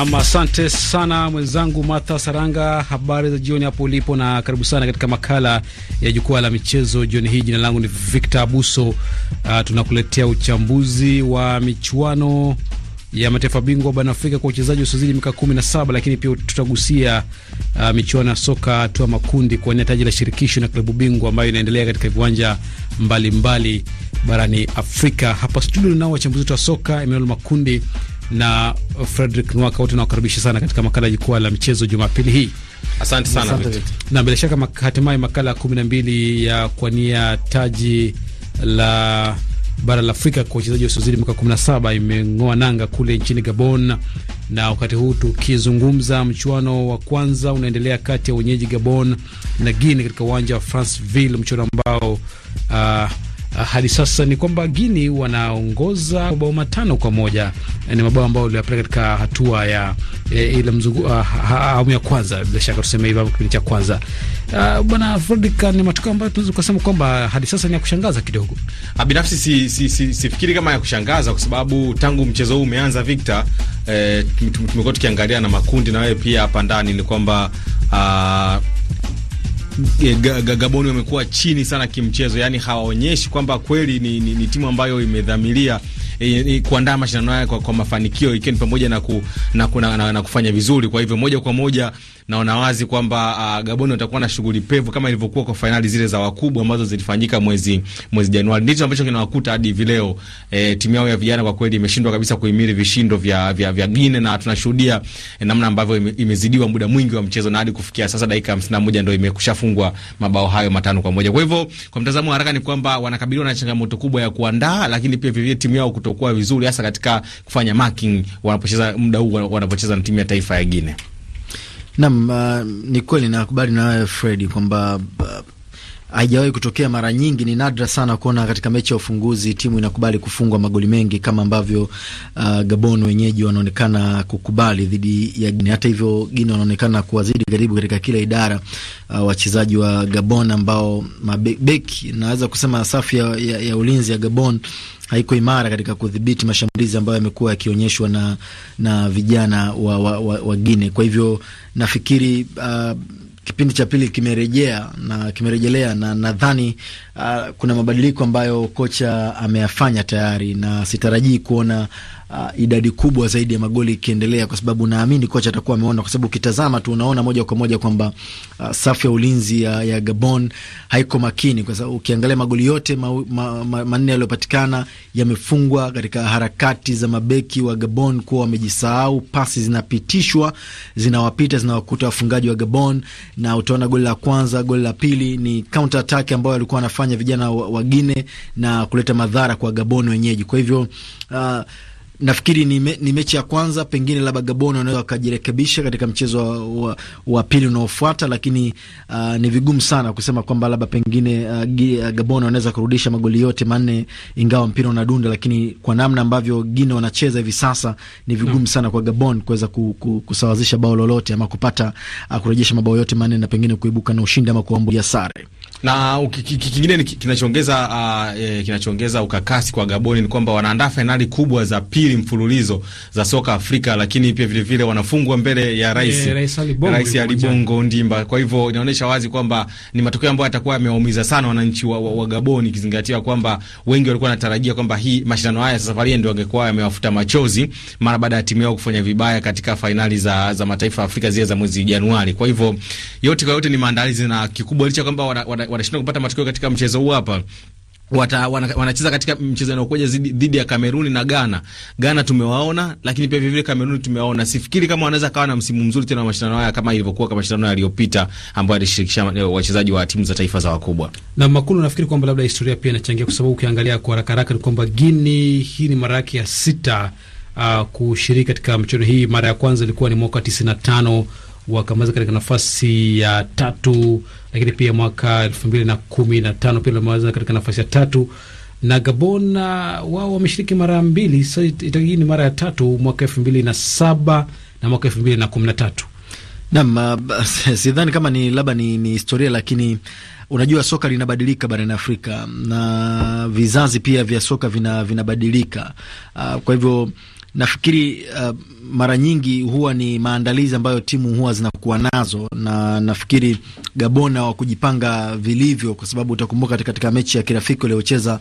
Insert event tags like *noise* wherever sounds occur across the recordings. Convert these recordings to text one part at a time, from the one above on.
Nam, asante sana mwenzangu Martha Saranga. Habari za jioni hapo ulipo, na karibu sana katika makala ya jukwaa la michezo jioni hii. Jina langu ni Victor Abuso. Uh, tunakuletea uchambuzi wa michuano ya mataifa bingwa barani Afrika kwa wachezaji wasiozidi miaka saba, lakini pia tutagusia uh, michuano ya soka hatua makundi kuwania taji la shirikisho na klabu bingwa ambayo inaendelea katika viwanja mbalimbali barani Afrika. Hapa studio linao wachambuzi wa soka Emmanuel Makundi na Fredrick Nwaka, wote nawakaribisha sana katika makala jukwaa la michezo Jumapili hii. Asante sana na bila shaka hatimaye makala kumi na mbili ya kuania taji la bara la Afrika kwa wachezaji wasiozidi miaka 17 imeng'oa nanga kule nchini Gabon, na wakati huu tukizungumza, mchuano wa kwanza unaendelea kati ya wenyeji Gabon na Guinea katika uwanja wa Franceville, mchuano ambao uh, Ah, hadi sasa ni kwamba Gini wanaongoza mabao matano kwa moja. Eh, ni mabao ambayo waliyapata katika hatua ya e, ile mzungu ah, awamu ya kwanza, bila shaka tuseme hivyo, kipindi cha kwanza. Uh, bwana Fredrika, ni matokeo ambayo tunaweza kusema kwamba hadi sasa ni ya kushangaza kidogo. Binafsi si, si, si, sifikiri kama ya kushangaza kwa sababu tangu mchezo huu umeanza, Victor, eh, tumekuwa tukiangalia na makundi na wewe pia hapa ndani ni kwamba uh, Gaboni wamekuwa chini sana kimchezo, yani hawaonyeshi kwamba kweli ni, ni, ni timu ambayo imedhamiria e, kuandaa mashindano haya kwa, kwa mafanikio ikiwa ni pamoja na, ku, na, na, na, na kufanya vizuri. Kwa hivyo moja kwa moja naona wazi kwamba uh, Gaboni watakuwa na shughuli pevu kama ilivyokuwa kwa fainali zile za wakubwa ambazo zilifanyika mwezi mwezi Januari. Ndicho ambacho kinawakuta hadi hivi leo. E, timu yao ya vijana kwa kweli imeshindwa kabisa kuhimili vishindo vya vya, vya Gine, na tunashuhudia e, namna ambavyo imezidiwa muda mwingi wa mchezo na hadi kufikia sasa dakika 51 ndio imekushafungwa mabao hayo matano kwa moja. Kwa hivyo kwa mtazamo wa haraka ni kwamba wanakabiliwa na changamoto kubwa ya kuandaa, lakini pia vivyo timu yao kutokuwa vizuri hasa katika kufanya marking wanapocheza muda huu wanapocheza na timu ya taifa ya Gine. Nam uh, ni kweli nakubali na wewe Fredi kwamba uh, haijawahi kutokea mara nyingi. Ni nadra sana kuona katika mechi ya ufunguzi timu inakubali kufungwa magoli mengi kama ambavyo uh, Gabon wenyeji wanaonekana kukubali dhidi ya Guinea. Hata hivyo, Guinea wanaonekana kuwazidi karibu katika kila idara uh, wachezaji wa Gabon ambao mabeki naweza kusema safu ya, ya, ya ulinzi ya Gabon haiko imara katika kudhibiti mashambulizi ambayo yamekuwa yakionyeshwa na, na vijana wa, wa, wa, wa Gine. Kwa hivyo nafikiri uh, kipindi cha pili kimerejea na kimerejelea na nadhani uh, kuna mabadiliko ambayo kocha ameyafanya tayari, na sitarajii kuona uh, idadi kubwa zaidi ya magoli ikiendelea, kwa sababu naamini kocha atakuwa ameona, kwa sababu ukitazama tu unaona moja kwa moja kwamba uh, safu ya ulinzi ya, ya Gabon haiko makini, kwa sababu ukiangalia magoli yote manne ma, ma, ma, yaliyopatikana yamefungwa katika harakati za mabeki wa Gabon kuwa wamejisahau, pasi zinapitishwa zinawapita zinawakuta wafungaji wa Gabon, na utaona goli la kwanza, goli la pili ni counter attack ambayo walikuwa wanafanya vijana wa, wa wagine na kuleta madhara kwa Gabon wenyeji. Kwa hivyo uh, nafikiri ni, me, ni mechi ya kwanza, pengine labda Gabon wanaweza wakajirekebisha katika mchezo wa, wa, wa pili unaofuata, lakini uh, ni vigumu sana kusema kwamba labda pengine uh, uh Gabon wanaweza kurudisha magoli yote manne, ingawa mpira unadunda, lakini kwa namna ambavyo Gine wanacheza hivi sasa ni vigumu hmm. sana kwa Gabon kuweza ku, ku, kusawazisha bao lolote ama kupata uh, kurejesha mabao yote manne na pengine kuibuka na ushindi ama kuambulia sare. Na kingine kinachoongeza uh, e, kinachoongeza ukakasi kwa Gaboni ni kwamba wanaandaa fainali kubwa za pili mfululizo za soka Afrika, lakini pia vile vile wanafungwa mbele ya rais eh, rais Ali Bongo Ndimba. Kwa hivyo inaonyesha wazi kwamba ni matokeo ambayo yatakuwa yamewaumiza sana wananchi wa, wa, wa Gaboni, ikizingatia kwamba wengi walikuwa wanatarajia kwamba hii mashindano haya safari ndio angekuwa yamewafuta machozi mara baada ya timu yao kufanya vibaya katika fainali za, za mataifa Afrika zile za mwezi Januari. Kwa hivyo yote kwa yote ni maandalizi na kikubwa licha kwamba wana, wana, wanashindwa kupata matokeo katika mchezo huu hapa Wata, wana, wanacheza katika mchezo unaokuja dhidi ya Kameruni na Ghana. Ghana tumewaona, lakini pia vivile Kameruni tumewaona. Sifikiri kama wanaweza kawa na msimu mzuri tena wa mashindano haya kama ilivyokuwa kwa mashindano yaliyopita ambayo yalishirikisha eh, wachezaji wa timu za taifa za wakubwa. Na makulu nafikiri kwamba labda historia pia inachangia kwa sababu ukiangalia kwa haraka haraka ni kwamba Gini hii ni mara yake ya sita uh, kushiriki katika mchezo hii. Mara ya kwanza ilikuwa ni mwaka 95 wakamaliza katika nafasi ya tatu lakini pia mwaka elfu mbili na kumi na tano pia limeweza katika nafasi ya tatu na Gabon wao wameshiriki mara mbili, so itakuwa ni mara ya tatu, mwaka elfu mbili na saba na mwaka elfu mbili na kumi na tatu. Uh, *laughs* sidhani kama ni labda ni, ni historia lakini unajua soka linabadilika barani Afrika na vizazi pia vya soka vinabadilika vina uh, kwa hivyo nafikiri uh, mara nyingi huwa ni maandalizi ambayo timu huwa zinakuwa nazo, na nafikiri Gabona wa kujipanga vilivyo, kwa sababu utakumbuka katika mechi ya kirafiki waliocheza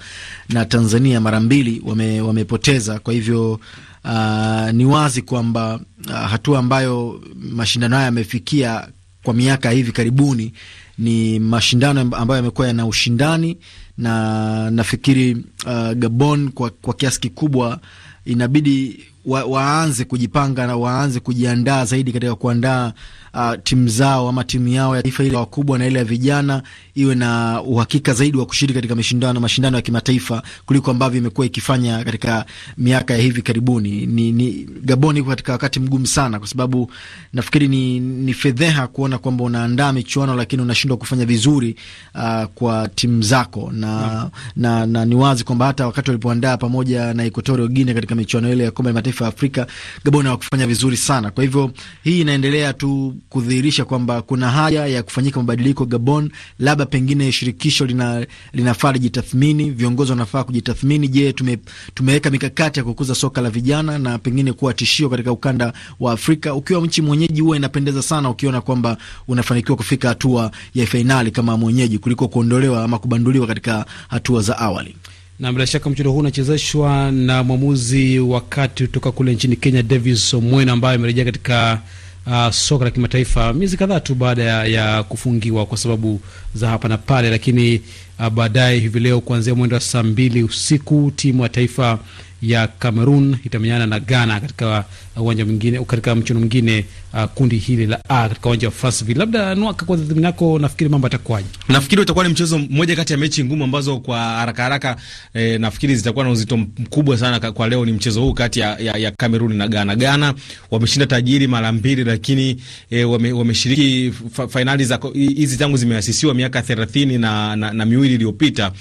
na Tanzania mara mbili wame, wamepoteza. Kwa hivyo uh, ni wazi kwamba uh, hatua ambayo mashindano haya yamefikia kwa miaka hivi karibuni ni mashindano ambayo yamekuwa yana ushindani na nafikiri uh, Gabon kwa, kwa kiasi kikubwa inabidi wa, waanze kujipanga na waanze kujiandaa zaidi katika kuandaa uh, timu zao ama timu yao ya taifa ile wakubwa na ile ya vijana iwe na uhakika zaidi wa kushiriki katika mashindano mashindano ya kimataifa kuliko ambavyo imekuwa ikifanya katika miaka ya hivi karibuni. Ni, ni Gabon iko katika wakati mgumu sana, kwa sababu nafikiri ni, ni fedheha kuona kwamba unaandaa michuano lakini unashindwa kufanya vizuri uh, kwa timu zako na, mm. na, na ni wazi kwamba hata wakati walipoandaa pamoja na Equatorial Guinea katika michuano ile ya kombe la mataifa ya Afrika, Gabon hawakufanya vizuri sana. Kwa hivyo hii inaendelea tu kudhihirisha kwamba kuna haja ya kufanyika mabadiliko Gabon. Labda pengine shirikisho lina, linafaa lijitathmini, viongozi wanafaa kujitathmini. Je, tume, tumeweka mikakati ya kukuza soka la vijana na pengine kuwa tishio katika ukanda wa Afrika? Ukiwa mchi mwenyeji, huwa inapendeza sana ukiona kwamba unafanikiwa kufika hatua ya fainali kama mwenyeji kuliko kuondolewa ama kubanduliwa katika hatua za awali na bila shaka mchezo huu unachezeshwa na mwamuzi wakati kutoka kule nchini Kenya, Davis Omwena ambaye amerejea katika uh, soka la kimataifa miezi kadhaa tu baada ya, ya kufungiwa kwa sababu za hapa na pale, lakini uh, baadaye hivi leo kuanzia mwendo wa saa mbili usiku timu ya taifa ya Cameroon itamenyana na Ghana katika ah, uwanja mwingine, katika mchuano mwingine uh, kundi hili la A katika uwanja wa Fasseville. Labda nwaka kwa dhimini yako, nafikiri mambo yatakuwaje? Nafikiri itakuwa ni mchezo mmoja kati ya mechi ngumu ambazo kwa haraka haraka eh, nafikiri zitakuwa na uzito mkubwa sana kwa leo. Ni mchezo huu kati ya, ya, ya Kameruni na Ghana. Ghana wameshinda tajiri mara mbili, lakini eh, wame, wameshiriki fainali za hizi tangu zimeasisiwa miaka thelathini na, na, na miwili iliyopita.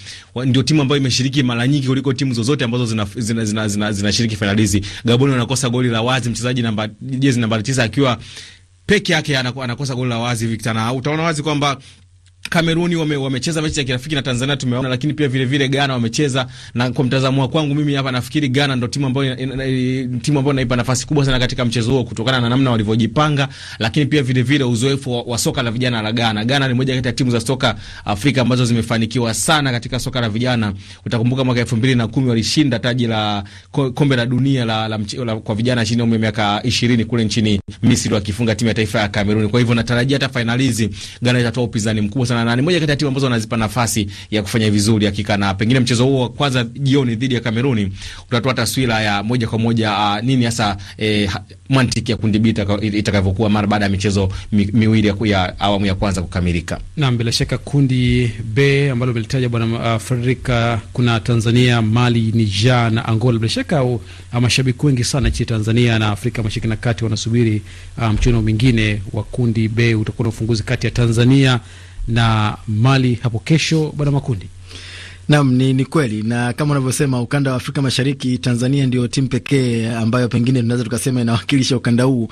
Ndio timu ambayo imeshiriki mara nyingi kuliko timu zozote ambazo zinashiriki zina, zina, zina, zina, zina fainali hizi. Gaboni wanakosa goli la wazi, mchezaji namba jezi namba tisa akiwa peke yake anakosa goli la wazi Victor, na utaona wazi kwamba Kameruni wame, wamecheza mechi ya kirafiki na Tanzania tumeona, lakini pia vile vile Ghana wamecheza, na kwa mtazamo wa mimi hapa nafikiri Ghana ndo timu ambayo timu ambayo naipa nafasi kubwa sana katika mchezo huo kutokana na namna walivyojipanga, lakini pia vile vile uzoefu wa, wa soka la vijana la Ghana. Ghana ni moja kati ya timu za soka Afrika ambazo zimefanikiwa sana katika soka la vijana. Utakumbuka mwaka 2010 walishinda taji la kombe la dunia la, la, la, la kwa vijana chini ya umri wa miaka 20 kule nchini Misri wakifunga timu ya taifa ya Kameruni. Kwa hivyo natarajia hata finalizi Ghana itatoa upinzani mkubwa sana na nane, moja kati ya timu ambazo wanazipa nafasi ya kufanya vizuri hakika, na pengine mchezo huo wa kwanza jioni dhidi ya Kameruni utatoa taswira ya moja kwa moja uh, nini hasa eh, mantiki ya kundi B itakavyokuwa mara baada ya michezo mi, miwili ya awamu ya kwanza kukamilika. Naam, bila shaka kundi B ambalo umelitaja bwana uh, Frederick, ah, kuna Tanzania, Mali, Niger na Angola. Bila shaka uh, mashabiki wengi sana nchini Tanzania na Afrika Mashariki na Kati wanasubiri uh, mchuano mwingine wa kundi B utakuwa na ufunguzi kati ya Tanzania na Mali hapo kesho, Bwana Makundi. Nam ni, ni kweli na kama unavyosema, ukanda wa Afrika Mashariki, Tanzania ndio timu pekee ambayo pengine tunaweza tukasema inawakilisha ukanda huu,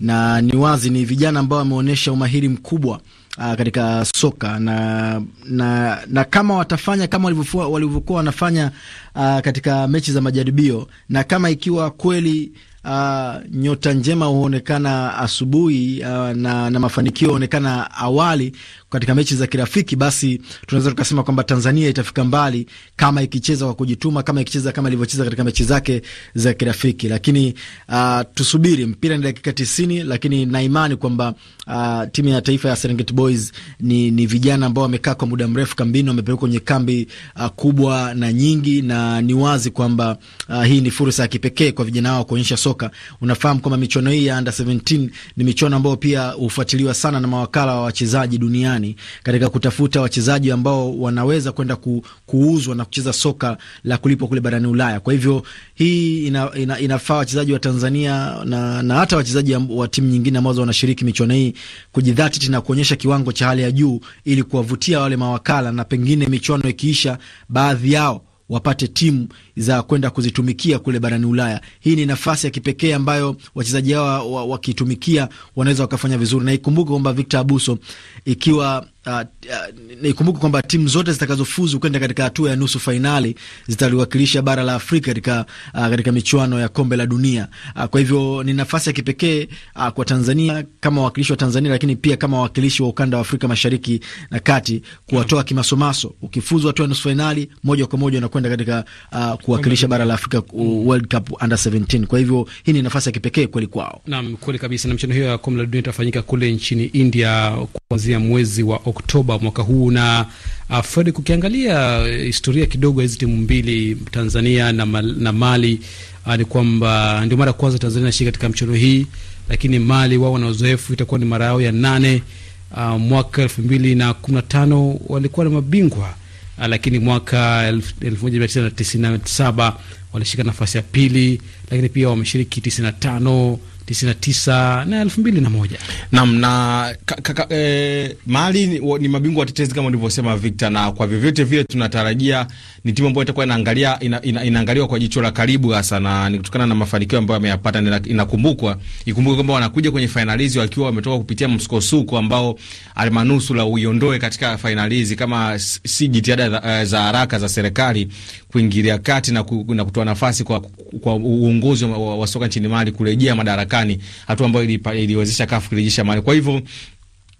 na ni wazi ni vijana ambao wameonyesha umahiri mkubwa aa, ah, katika soka na, na, na kama watafanya kama walivyokuwa wanafanya aa, ah, katika mechi za majaribio na kama ikiwa kweli Uh, nyota njema huonekana asubuhi uh, na, na mafanikio huonekana awali katika mechi za kirafiki, basi tunaweza tukasema kwamba Tanzania itafika mbali kama ikicheza kwa kujituma, kama ikicheza kama ilivyocheza katika mechi zake za kirafiki. Lakini uh, tusubiri, mpira ni dakika tisini, lakini na imani kwamba uh, timu ya taifa ya Serengeti Boys ni, ni vijana ambao wamekaa kwa muda mrefu kambini, wamepelekwa kwenye kambi uh, kubwa na nyingi, na ni wazi kwamba uh, hii ni fursa ya kipekee kwa vijana wao kuonyesha soka. Unafahamu kwamba michuano hii ya under 17 ni michuano ambayo pia hufuatiliwa sana na mawakala wa wachezaji duniani duniani katika kutafuta wachezaji ambao wanaweza kwenda ku, kuuzwa na kucheza soka la kulipwa kule barani Ulaya. Kwa hivyo hii ina, ina, inafaa wachezaji wa Tanzania na, na hata wachezaji wa timu nyingine ambazo wanashiriki michuano hii kujidhatiti na kuonyesha kiwango cha hali ya juu ili kuwavutia wale mawakala na pengine michuano ikiisha, baadhi yao wapate timu za kwenda kuzitumikia kule barani Ulaya. Hii ni nafasi ya kipekee ambayo wachezaji hawa wakitumikia wa, wa wanaweza wakafanya vizuri, na ikumbuke kwamba Victor Abuso ikiwa uh, ah, uh, ah, ikumbuke kwamba timu zote zitakazofuzu kwenda katika hatua ya nusu fainali zitaliwakilisha bara la Afrika katika, uh, katika michuano ya kombe la dunia. Uh, kwa hivyo ni nafasi ya kipekee uh, kwa Tanzania kama wawakilishi wa Tanzania, lakini pia kama wawakilishi wa ukanda wa Afrika mashariki na kati kuwatoa mm, kimasomaso. Ukifuzu hatua ya nusu fainali, moja kwa moja unakwenda katika uh, kuwakilisha bara la Afrika uh, World Cup under 17. Kwa hivyo hii ni nafasi ya kipekee kweli kwao. Naam, kweli kabisa, na mchezo hiyo ya kombe la dunia itafanyika kule nchini India kuanzia mwezi wa Oktoba mwaka huu. Na uh, Fred, kukiangalia uh, historia kidogo ya hizi timu mbili Tanzania na, mal, na Mali uh, ni kwamba ndio mara ya kwanza Tanzania inashiriki katika mchezo hii, lakini Mali wao wana uzoefu, itakuwa ni mara yao ya nane. Uh, mwaka elfu mbili na kumi na tano walikuwa na mabingwa uh, lakini mwaka elfu moja mia tisa tisini na saba walishika nafasi ya pili, lakini pia wameshiriki tisini na tano 99 na 2001. Naam na e, mahali ni, ni mabingwa watetezi kama ulivyosema Victor, na kwa vyovyote vile tunatarajia ni timu ambayo itakuwa inaangalia ina, ina, inaangaliwa kwa jicho la karibu hasa, na ni kutokana na mafanikio ambayo ameyapata. Inakumbukwa ikumbuke kwamba wanakuja kwenye fainali wakiwa wametoka kupitia msukosuko ambao almanusula uiondoe katika fainali kama si jitihada eh, za haraka za serikali kuingilia kati na, ku, na kutoa nafasi kwa, kwa uongozi wa, wa soka nchini Mali kurejea madarakani Marekani, hatua ambayo iliwezesha kafu kurejesha amani. Kwa hivyo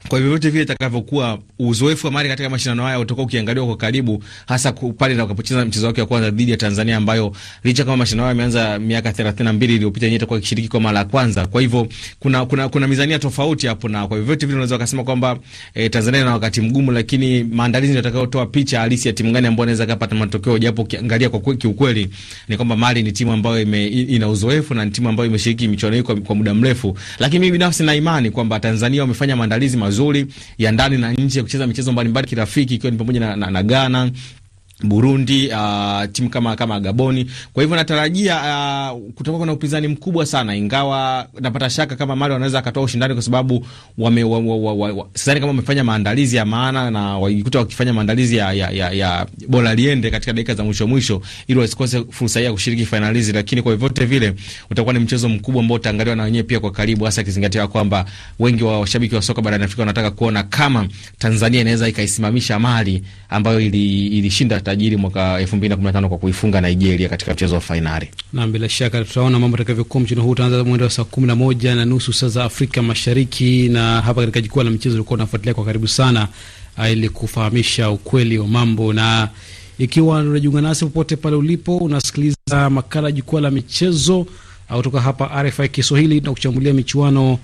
kwa vyovyote vile itakavyokuwa, uzoefu wa Mali katika mashindano haya utakuwa ukiangaliwa kwa karibu, hasa pale atakapocheza mchezo wake wa kwanza dhidi ya Tanzania, ambayo licha kama mashindano haya yameanza miaka 32 iliyopita, yenyewe itakuwa ikishiriki kwa mara ya kwanza. Kwa hivyo kuna, kuna, kuna mizania tofauti hapo, na kwa vyovyote vile unaweza wakasema kwamba e, Tanzania ina wakati mgumu, lakini maandalizi ndio atakayotoa picha halisi ya timu gani ambayo inaweza kupata matokeo, japo ukiangalia kwa kweli, kiukweli ni kwamba Mali ni timu ambayo ime, ina uzoefu na ni timu ambayo imeshiriki michuano hii kwa, kwa muda mrefu, lakini mimi binafsi na imani kwamba Tanzania wamefanya maandalizi mazuri nzuri ya ndani na nje ya kucheza michezo mbalimbali kirafiki, ikiwa ni pamoja na, na, na Ghana Burundi, uh, timu kama kama Gaboni. Kwa hivyo natarajia uh, kutakuwa na upinzani mkubwa sana, ingawa napata shaka kama Mali wanaweza akatoa ushindani kwa sababu wame, wa, wa, wa, wa, sidhani kama wamefanya maandalizi ya maana, na wajikuta wakifanya maandalizi ya, ya, ya, ya bora liende katika dakika za mwisho mwisho, ili wasikose fursa hii ya kushiriki fainali hizi. Lakini kwa vyovyote vile utakuwa ni mchezo mkubwa ambao utaangaliwa na wenyewe pia kwa karibu, hasa kizingatia kwamba wengi wa washabiki wa soka barani Afrika wanataka kuona kama Tanzania inaweza ikaisimamisha Mali ambayo ilishinda ili tajiri mwaka 2015 kwa kuifunga Nigeria katika mchezo wa fainali. Na bila shaka tutaona mambo atakavyokuwa mchezo huu utaanza mwendo wa saa 11 na nusu saa za Afrika Mashariki, na hapa katika jukwaa la michezo ulikuwa unafuatilia kwa karibu sana ah, ili kufahamisha ukweli wa mambo, na ikiwa unajiunga nasi popote pale ulipo unasikiliza makala jukwaa la michezo ah, kutoka hapa RFI Kiswahili na kuchambulia michuano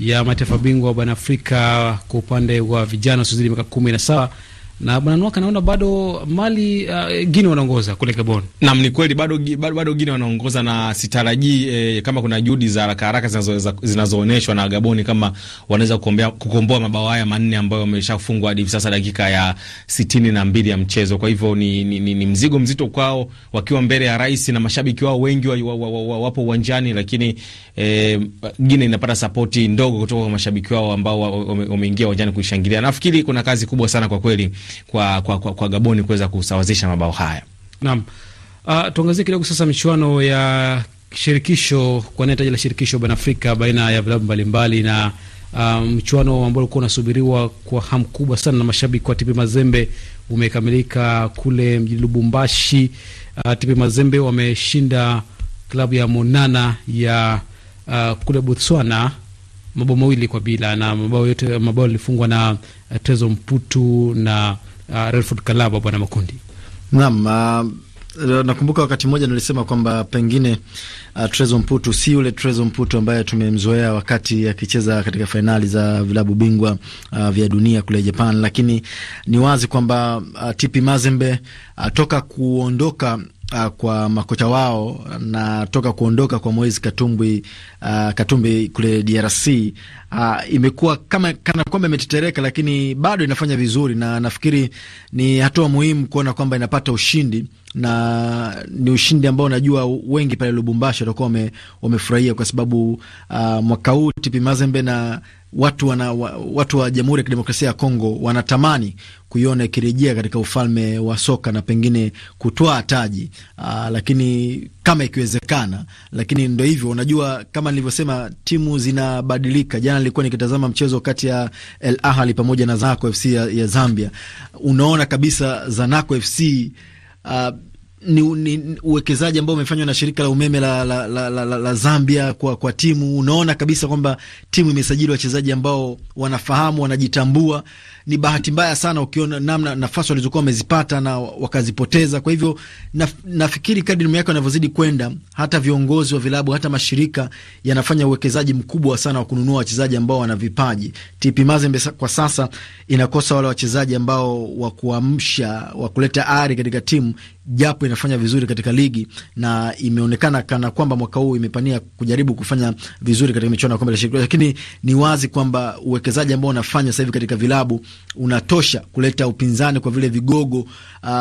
ya mataifa bingwa barani Afrika kwa upande wa vijana wasiozidi miaka kumi na saba na Bwana Nwaka naona bado Mali uh, Guinea wanaongoza kule Gabon. Naam, ni kweli bado, bado, bado Guinea wanaongoza na sitarajii eh, kama kuna juhudi za haraka haraka zinazoonyeshwa na Gaboni kama wanaweza kukomboa mabao haya manne ambayo wameshafungwa hadi hivi sasa dakika ya sitini na mbili ya mchezo. Kwa hivyo ni, ni, ni, ni mzigo mzito kwao wakiwa mbele ya rais na mashabiki wao wengi wa, wa, wa, wa, wa, wapo uwanjani, lakini eh, Guinea inapata sapoti ndogo kutoka kwa mashabiki wao ambao wameingia wa, wa, wa, uwanjani kuishangilia. Nafikiri kuna kazi kubwa sana kwa kweli kwa, kwa, kwa, kwa Gaboni kuweza kusawazisha mabao haya. Naam. Uh, tuangazie kidogo sasa michuano ya shirikisho kwa nia taji la shirikisho barani Afrika baina ya vilabu mbalimbali na ah, mchuano um, ambao ulikuwa unasubiriwa kwa hamu kubwa sana na mashabiki wa TP Mazembe umekamilika kule mjini Lubumbashi. Uh, ah, TP Mazembe wameshinda klabu ya Monana ya uh, kule Botswana mabao mawili kwa bila na mabao yote mabao yalifungwa na uh, Tezo Mputu na uh, eh, Relford Kalaba bwana Makundi. Naam, uh, nakumbuka wakati mmoja nilisema kwamba pengine uh, Tezo Mputu si yule Tezo Mputu ambaye tumemzoea wakati akicheza katika fainali za vilabu bingwa uh, vya dunia kule Japan, lakini ni wazi kwamba uh, TP Mazembe uh, toka kuondoka Uh, kwa makocha wao na toka kuondoka kwa Moise Katumbi, uh, Katumbi kule DRC uh, imekuwa kama kana kwamba imetetereka, lakini bado inafanya vizuri, na nafikiri ni hatua muhimu kuona kwamba inapata ushindi na ni ushindi ambao najua wengi pale Lubumbashi watakuwa wamefurahia, kwa sababu uh, mwaka huu Tipi Mazembe na watu, wana, watu wa Jamhuri ya Kidemokrasia ya Kongo wanatamani kuiona ikirejea katika ufalme wa soka na pengine kutwaa taji aa, ah, lakini kama ikiwezekana, lakini ndo hivyo. Unajua, kama nilivyosema, timu zinabadilika. Jana nilikuwa nikitazama mchezo kati ya El Ahly pamoja na Zanaco FC ya, ya Zambia. Unaona kabisa Zanaco FC Uh, ah, ni, ni uwekezaji ambao umefanywa na shirika la umeme la, la, la, la, la Zambia kwa, kwa timu. Unaona kabisa kwamba timu imesajili wachezaji ambao wanafahamu, wanajitambua ni bahati mbaya sana, ukiona namna nafasi walizokuwa wamezipata na wakazipoteza. Kwa hivyo naf, nafikiri kadri miaka inavyozidi kwenda, hata viongozi wa vilabu, hata mashirika yanafanya uwekezaji mkubwa sana wa kununua wachezaji ambao wana vipaji. TP Mazembe kwa sasa inakosa wale wachezaji ambao wa kuamsha, wa kuleta ari katika timu japo inafanya vizuri katika ligi na imeonekana kana kwamba mwaka huu imepania kujaribu kufanya vizuri katika michuano ya kombe la shirikisho, lakini ni wazi kwamba uwekezaji ambao unafanya sasa hivi katika vilabu unatosha kuleta upinzani kwa vile vigogo. uh,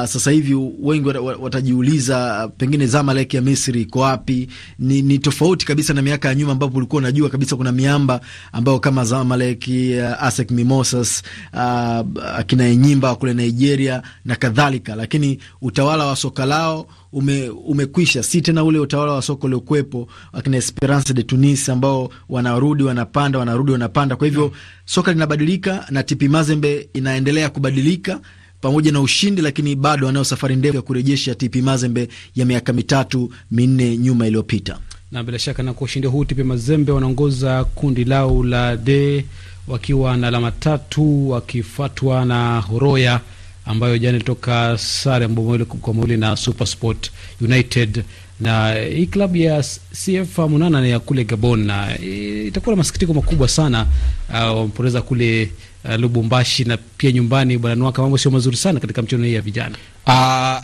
sasa hivi wengi watajiuliza pengine Zamalek ya Misri iko wapi? Ni, ni tofauti kabisa na miaka ya nyuma ambapo ulikuwa unajua kabisa kuna miamba ambayo kama Zamalek, eh, ASEC Mimosas, ah, akina Enyimba kule Nigeria na kadhalika, lakini utawala wa soka lao ume, umekwisha, si tena ule utawala wa soko uliokuwepo akina Esperance de Tunis ambao wanarudi wanapanda wanarudi wanapanda. Kwa hivyo mm. soka linabadilika na TP Mazembe inaendelea kubadilika pamoja na ushindi, lakini bado anayo safari ndefu ya kurejesha TP Mazembe ya miaka mitatu minne nyuma iliyopita. Na bila shaka na kwa ushindi huu TP Mazembe wanaongoza kundi lao la D wakiwa na alama tatu wakifuatwa na Horoya ambayo jana ilitoka sare mbomoli kwa mawili na Supersport United na hii klabu ya CF Munana ya kule Gabon, na itakuwa na masikitiko makubwa sana uh, wamepoteza kule uh, Lubumbashi na pia nyumbani bwana Nwaka, mambo sio mazuri sana katika mchuano hii ya vijana uh, ah,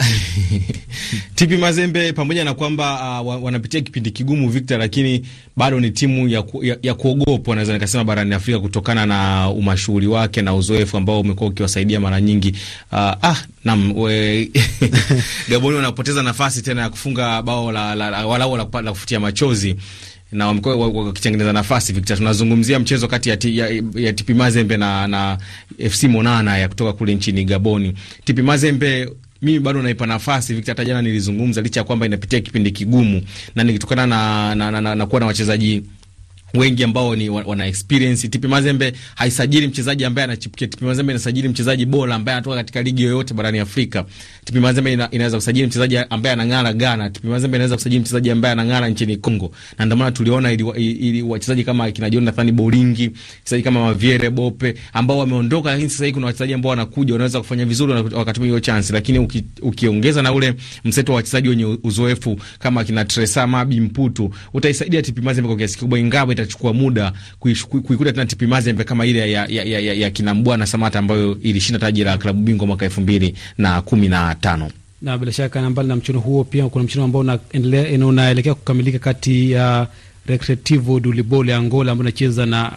*laughs* Tipi Mazembe pamoja na kwamba uh, wanapitia kipindi kigumu Victor, lakini bado ni timu ya, ku, ya, ya kuogopwa naweza nikasema barani Afrika kutokana na umashuhuri wake na uzoefu ambao umekuwa ukiwasaidia mara nyingi. Uh, ah, nam *laughs* Gaboni wanapoteza nafasi tena ya kufunga bao la, la, la, la, la, la, la, la kufutia machozi na wamekuwa wakitengeneza nafasi Victor. Tunazungumzia mchezo kati ya, ya, ya TP Mazembe na, na FC Monana ya kutoka kule nchini Gaboni. TP Mazembe mimi bado naipa nafasi Victor. Hata jana nilizungumza, licha ya kwamba inapitia kipindi kigumu na nikitokana na, na, na, na, na kuwa na wachezaji wengi ambao ni wana experience. TP Mazembe haisajili mchezaji ambaye anachipukia. TP Mazembe inasajili mchezaji bora ambaye anatoka katika ligi yoyote barani Afrika. TP Mazembe ina, inaweza kusajili mchezaji ambaye anang'ara Ghana. TP Mazembe inaweza kusajili mchezaji ambaye anang'ara nchini Kongo, na ndio maana tuliona ili, ili, ili wachezaji kama kina Jonathan Bolingi, wachezaji kama Maviere Bope ambao wameondoka, lakini sasa hivi kuna wachezaji ambao wanakuja wanaweza kufanya vizuri wakatumia hiyo chance, lakini uki, ukiongeza na ule mseto wa wachezaji wenye uzoefu kama kina Tresa Mabi Mputu utaisaidia TP Mazembe kwa kiasi kikubwa ingawa itachukua muda kuikuta tena TP Mazembe kama ile ya, ya, ya, ya, ya kinambua na Samata ambayo ilishinda taji la klabu bingwa mwaka elfu mbili na kumi na tano na bila shaka na mbali na mchuano huo pia kuna mchuano ambao unaendelea unaelekea kukamilika kati ya uh, Recreativo Dulibol ya Angola ambayo inacheza na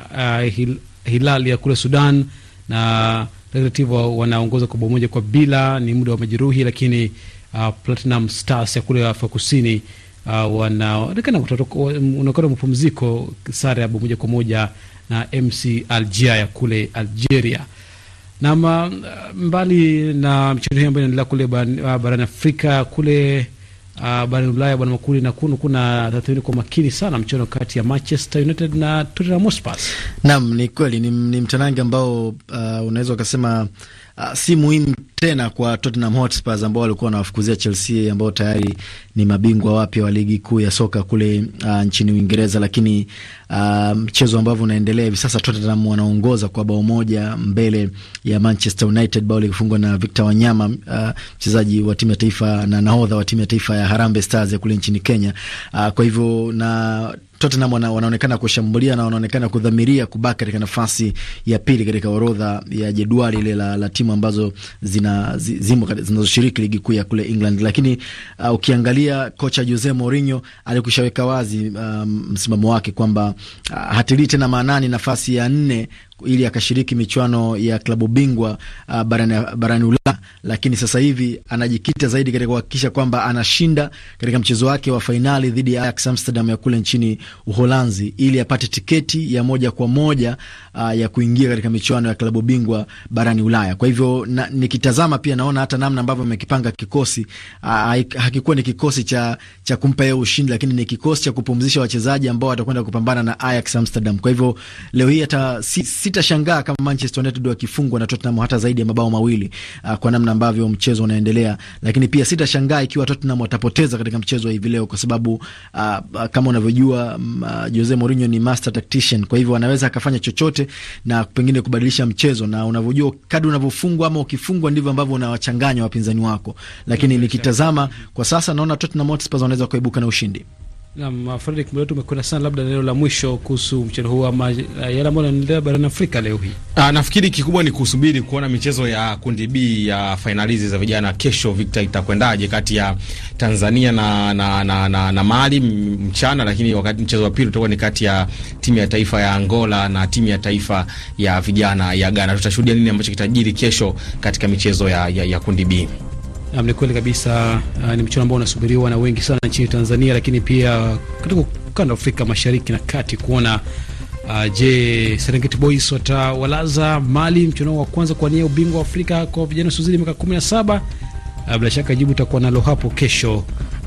uh, hil, Hilal ya kule Sudan na Recreativo wanaongoza kwa bao moja kwa bila, ni muda wa majeruhi, lakini uh, Platinum Stars ya kule Afrika Kusini Uh, wanaonekana mapumziko, sare ya bao moja kwa moja na MC algia ya kule Algeria. Na ma, uh, mbali na michezo hiyo ambayo inaendelea kule barani uh, Afrika kule uh, barani Ulaya bwana Makuli na kunu kuna tathmini kwa makini sana mchezo kati ya Manchester United na Tottenham Hotspur. Naam, ni kweli ni, ni mtanange ambao uh, unaweza ukasema uh, si muhimu tena kwa Tottenham Hotspurs ambao walikuwa wanawafukuzia Chelsea ambao tayari ni mabingwa wapya wa ligi kuu ya soka kule uh, nchini Uingereza. Lakini ah, mchezo ambavyo unaendelea hivi sasa, Tottenham wanaongoza kwa bao moja mbele ya Manchester United, bao likifungwa na Victor Wanyama, mchezaji wa timu ya taifa na nahodha wa timu ya taifa ya Harambee Stars ya kule nchini Kenya. Uh, kwa hivyo na Tottenham wana, wanaonekana kushambulia na wanaonekana kudhamiria kubaki katika nafasi ya pili katika orodha ya jedwali ile la, la timu ambazo zina zi, zimo zinazoshiriki ligi kuu ya kule England, lakini uh, ukiangalia kocha Jose Mourinho alikushaweka wazi um, msimamo um, wake kwamba uh, hatilii tena maanani nafasi ya nne ili akashiriki michuano ya klabu bingwa uh, barani, barani Ulaya, lakini sasa hivi anajikita zaidi katika kuhakikisha kwamba anashinda katika mchezo wake wa fainali dhidi ya Ajax Amsterdam ya kule nchini Uholanzi ili apate tiketi ya moja kwa moja uh, ya kuingia katika michuano ya klabu bingwa barani Ulaya. Kwa hivyo na, nikitazama pia naona hata namna ambavyo amekipanga kikosi uh, hakikuwa ni kikosi cha, cha kumpa yeye ushindi, lakini ni kikosi cha kupumzisha wachezaji ambao watakwenda kupambana na Ajax Amsterdam. Kwa hivyo leo hii hata si, si sitashangaa kama Manchester United wakifungwa na Tottenham hata zaidi ya mabao mawili uh, kwa namna ambavyo mchezo unaendelea, lakini pia sitashangaa ikiwa Tottenham watapoteza katika mchezo wa hivi leo, kwa sababu uh, uh, kama unavyojua mm, uh, Jose Mourinho ni master tactician, kwa hivyo anaweza akafanya chochote na pengine kubadilisha mchezo, na unavyojua kadri unavyofungwa ama ukifungwa ndivyo ambavyo unawachanganya wapinzani wako, lakini nikitazama kwa sasa naona Tottenham Hotspur wanaweza kuibuka na ushindi. Naam, Fredrick, muda wetu umekwenda sana, labda neno la mwisho kuhusu mchezo huu ama eh, yale ambayo yanaendelea barani Afrika leo hii. Ah, nafikiri kikubwa ni kusubiri kuona michezo ya kundi B ya fainali za vijana kesho, Victor, itakwendaje kati ya Tanzania na na, na, na, na Mali mchana, lakini wakati mchezo wa pili utakuwa ni kati ya timu ya taifa ya Angola na timu ya taifa ya vijana ya Ghana. Tutashuhudia nini ambacho kitajiri kesho katika michezo ya, ya, ya kundi B. Ni kweli kabisa. Uh, ni mchezo ambao unasubiriwa na wengi sana nchini Tanzania, lakini pia katika ukanda wa Afrika Mashariki na Kati kuona uh, je, Serengeti Boys watawalaza Mali mchezo wa kwanza kwa nia ubingwa wa Afrika kwa vijana suzili miaka 17. Uh, bila shaka jibu utakuwa nalo hapo kesho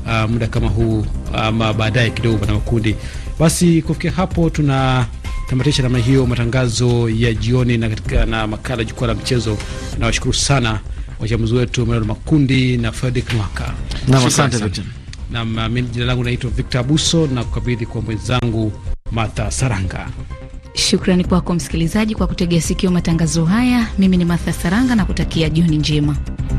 uh, muda kama huu ama uh, baadaye kidogo na makundi. Basi kufikia hapo tuna tamatisha namna hiyo matangazo ya jioni na katika na makala jukwaa la mchezo. Nawashukuru sana wachambuzi wetu Manuel Makundi na Fredrick Nwaka. Nam, jina langu naitwa Victor Abuso na kukabidhi kwa mwenzangu Martha Saranga. Shukrani kwako msikilizaji kwa kutegea sikio matangazo haya. Mimi ni Martha Saranga na kutakia jioni njema.